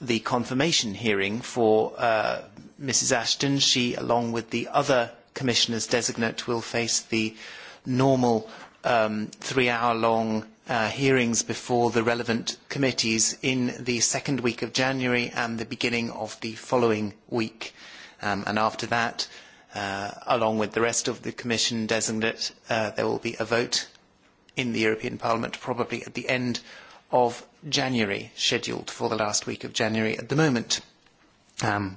the confirmation hearing for Mrs. Ashton. She, along with the other commissioners designate, will face the normal three-hour-long hearings before the relevant committees in the second week of January and the beginning of the following week. And after that, along with the rest of the Commission designate, there will be a vote in the European Parliament, probably at the end of January, scheduled for the last week of January at the moment,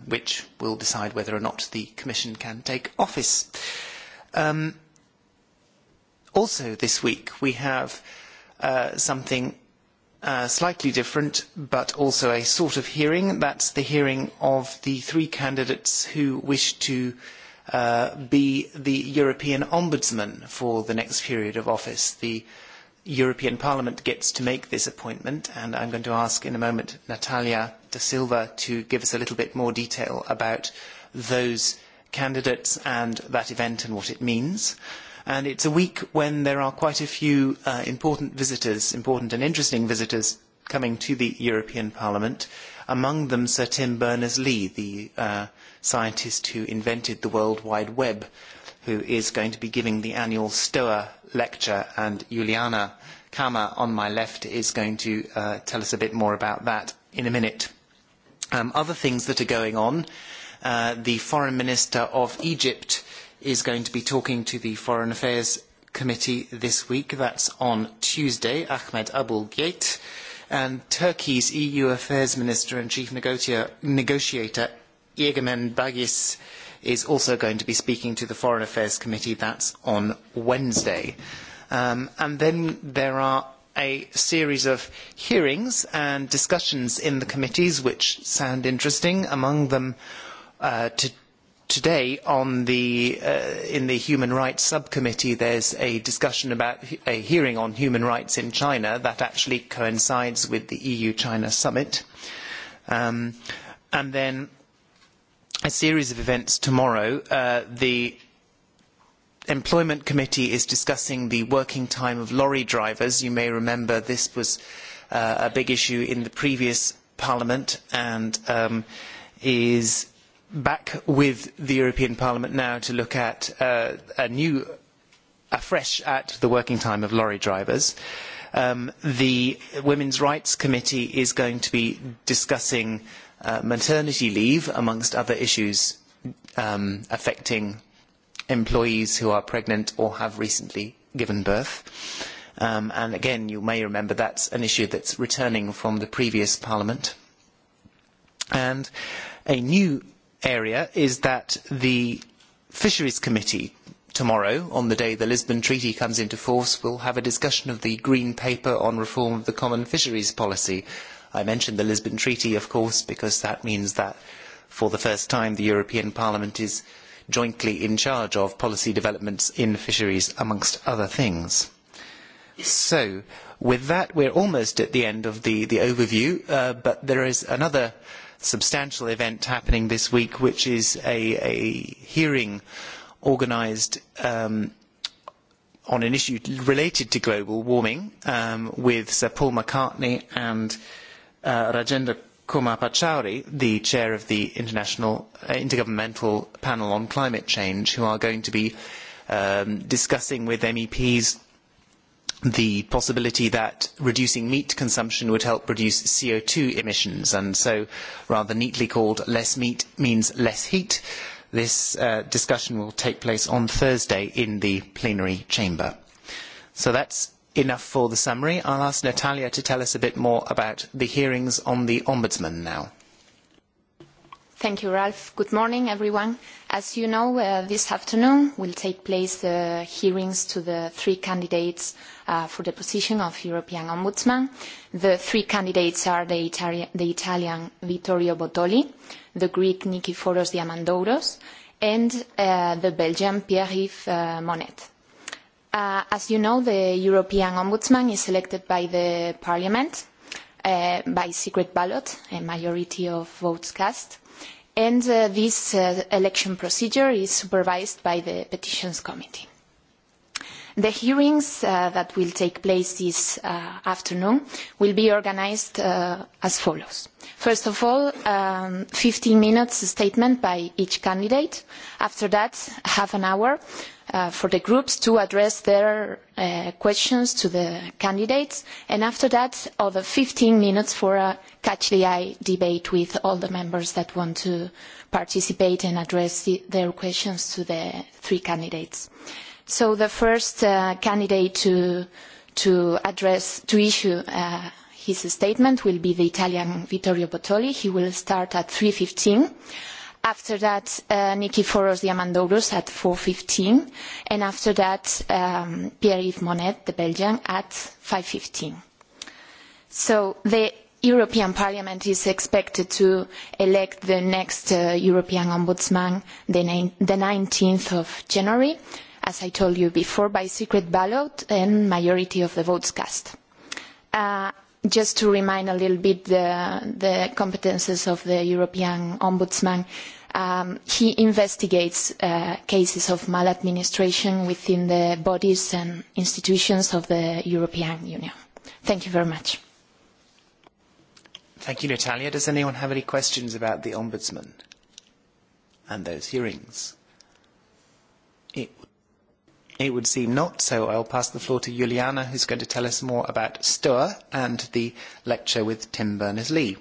which will decide whether or not the Commission can take office. Also this week we have something slightly different, but also a sort of hearing. That's the hearing of the three candidates who wish to be the European Ombudsman for the next period of office, the European Parliament gets to make this appointment, and I'm going to ask in a moment Natalia da Silva to give us a little bit more detail about those candidates and that event and what it means. And it's a week when there are quite a few important visitors, important and interesting visitors coming to the European Parliament, among them Sir Tim Berners-Lee, the scientist who invented the World Wide Web who is going to be giving the annual STOA lecture, and Juliana Kama on my left is going to tell us a bit more about that in a minute. Other things that are going on, the Foreign Minister of Egypt is going to be talking to the Foreign Affairs Committee this week. That's on Tuesday, Ahmed Abul Gate. And Turkey's EU Affairs Minister and Chief Negotiator, Yegemen Bagis, is also going to be speaking to the Foreign Affairs Committee. That's on Wednesday. And then there are a series of hearings and discussions in the committees which sound interesting, among them today in the human rights subcommittee there's a discussion about a hearing on human rights in China that actually coincides with the EU China summit and then a series of events tomorrow. The Employment Committee is discussing the working time of lorry drivers. You may remember this was a big issue in the previous Parliament and is back with the European Parliament now to look at a new, afresh at the working time of lorry drivers. The Women's Rights Committee is going to be discussing maternity leave, amongst other issues affecting employees who are pregnant or have recently given birth. And again, you may remember that's an issue that's returning from the previous Parliament. And a new area is that the Fisheries Committee tomorrow, on the day the Lisbon Treaty comes into force, we'll have a discussion of the Green Paper on reform of the Common Fisheries Policy. I mentioned the Lisbon Treaty, of course, because that means that for the first time the European Parliament is jointly in charge of policy developments in fisheries, amongst other things. So, with that, we're almost at the end of the overview, but there is another substantial event happening this week, which is a hearing organised on an issue related to global warming with Sir Paul McCartney and Rajendra Kumar Pachauri, the chair of the International Intergovernmental Panel on Climate Change, who are going to be discussing with MEPs the possibility that reducing meat consumption would help reduce CO2 emissions. And so rather neatly called less meat means less heat This discussion will take place on Thursday in the plenary chamber. So that's enough for the summary. I'll ask Natalia to tell us a bit more about the hearings on the Ombudsman now. Thank you, Ralph. Good morning, everyone. As you know, this afternoon will take place the hearings to the three candidates for the position of European Ombudsman. The three candidates are the Italian Vittorio Bottoli, the Greek Nikiforos Diamandouros, and the Belgian Pierre-Yves Monet. As you know, the European Ombudsman is elected by the Parliament by secret ballot, a majority of votes cast and this election procedure is supervised by the Petitions Committee. The hearings that will take place this afternoon will be organised as follows. First of all, 15 minutes statement by each candidate. After that, half an hour for the groups to address their questions to the candidates, and after that, over 15 minutes for a catch the eye debate with all the members that want to participate and address their questions to the three candidates. So the first candidate to to address to issue his statement will be the Italian Vittorio Bottoli. He will start at 3:15 After that, Nikiforos Diamandouros at 4.15, and after that, Pierre-Yves Monet, the Belgian, at 5.15. So the European Parliament is expected to elect the next European Ombudsman the 19th of January, as I told you before, by secret ballot and majority of the votes cast. Just to remind a little bit the competences of the European Ombudsman, he investigates cases of maladministration within the bodies and institutions of the European Union. Thank you very much. Thank you, Natalia. Does anyone have any questions about the Ombudsman and those hearings? It It would seem not, so I'll pass the floor to Juliana, who's going to tell us more about STOA and the lecture with Tim Berners-Lee.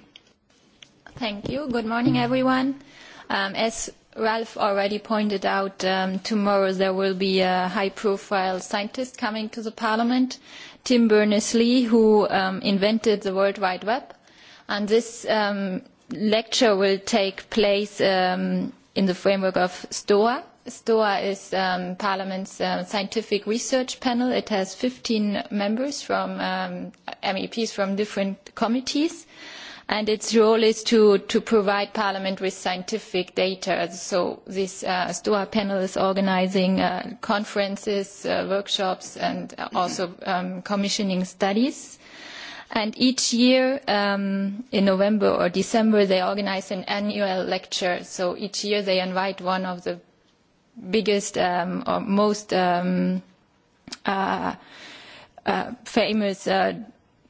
Thank you. Good morning, everyone. As Ralph already pointed out, tomorrow there will be a high-profile scientist coming to the Parliament, Tim Berners-Lee, who invented the World Wide Web. And this lecture will take place in the framework of STOA STOA is Parliament's scientific research panel. It has 15 members from MEPs from different committees, and its role is to provide Parliament with scientific data. So this STOA panel is organizing conferences, workshops, and also commissioning studies. And each year, in November or December, they organize an annual lecture. So each year they invite one of the biggest or most famous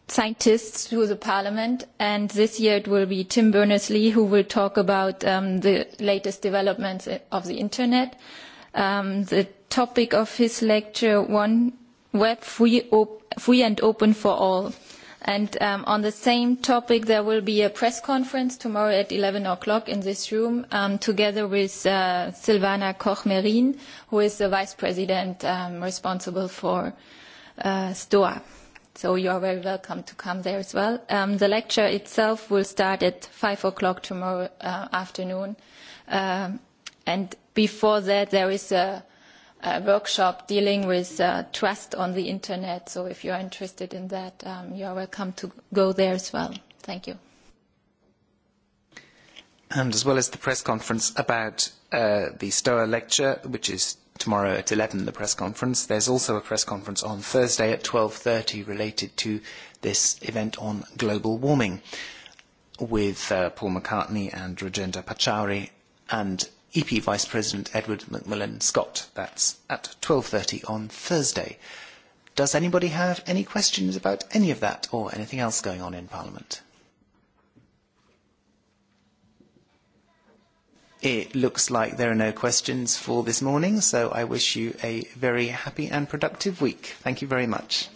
scientists to the parliament and this year it will be Tim Berners-Lee who will talk about the latest developments of the internet. The topic of his lecture, One Web, Free and Open for All And on the same topic, there will be a press conference tomorrow at 11 o'clock in this room, together with Silvana Koch-Merin, who is the vice president responsible for STOA. So you are very welcome to come there as well. The lecture itself will start at 5 o'clock tomorrow afternoon. And before that, there is a workshop dealing with trust on the internet. So if you are interested in that, you are welcome to go there as well. Thank you. And as well as the press conference about the STOA lecture, which is tomorrow at 11, the press conference, there's also a press conference on Thursday at 12.30 related to this event on global warming with Paul McCartney and Rajendra Pachauri and EP Vice President Edward McMillan Scott. That's at 12.30 on Thursday. Does anybody have any questions about any of that or anything else going on in Parliament? It looks like there are no questions for this morning, so I wish you a very happy and productive week. Thank you very much.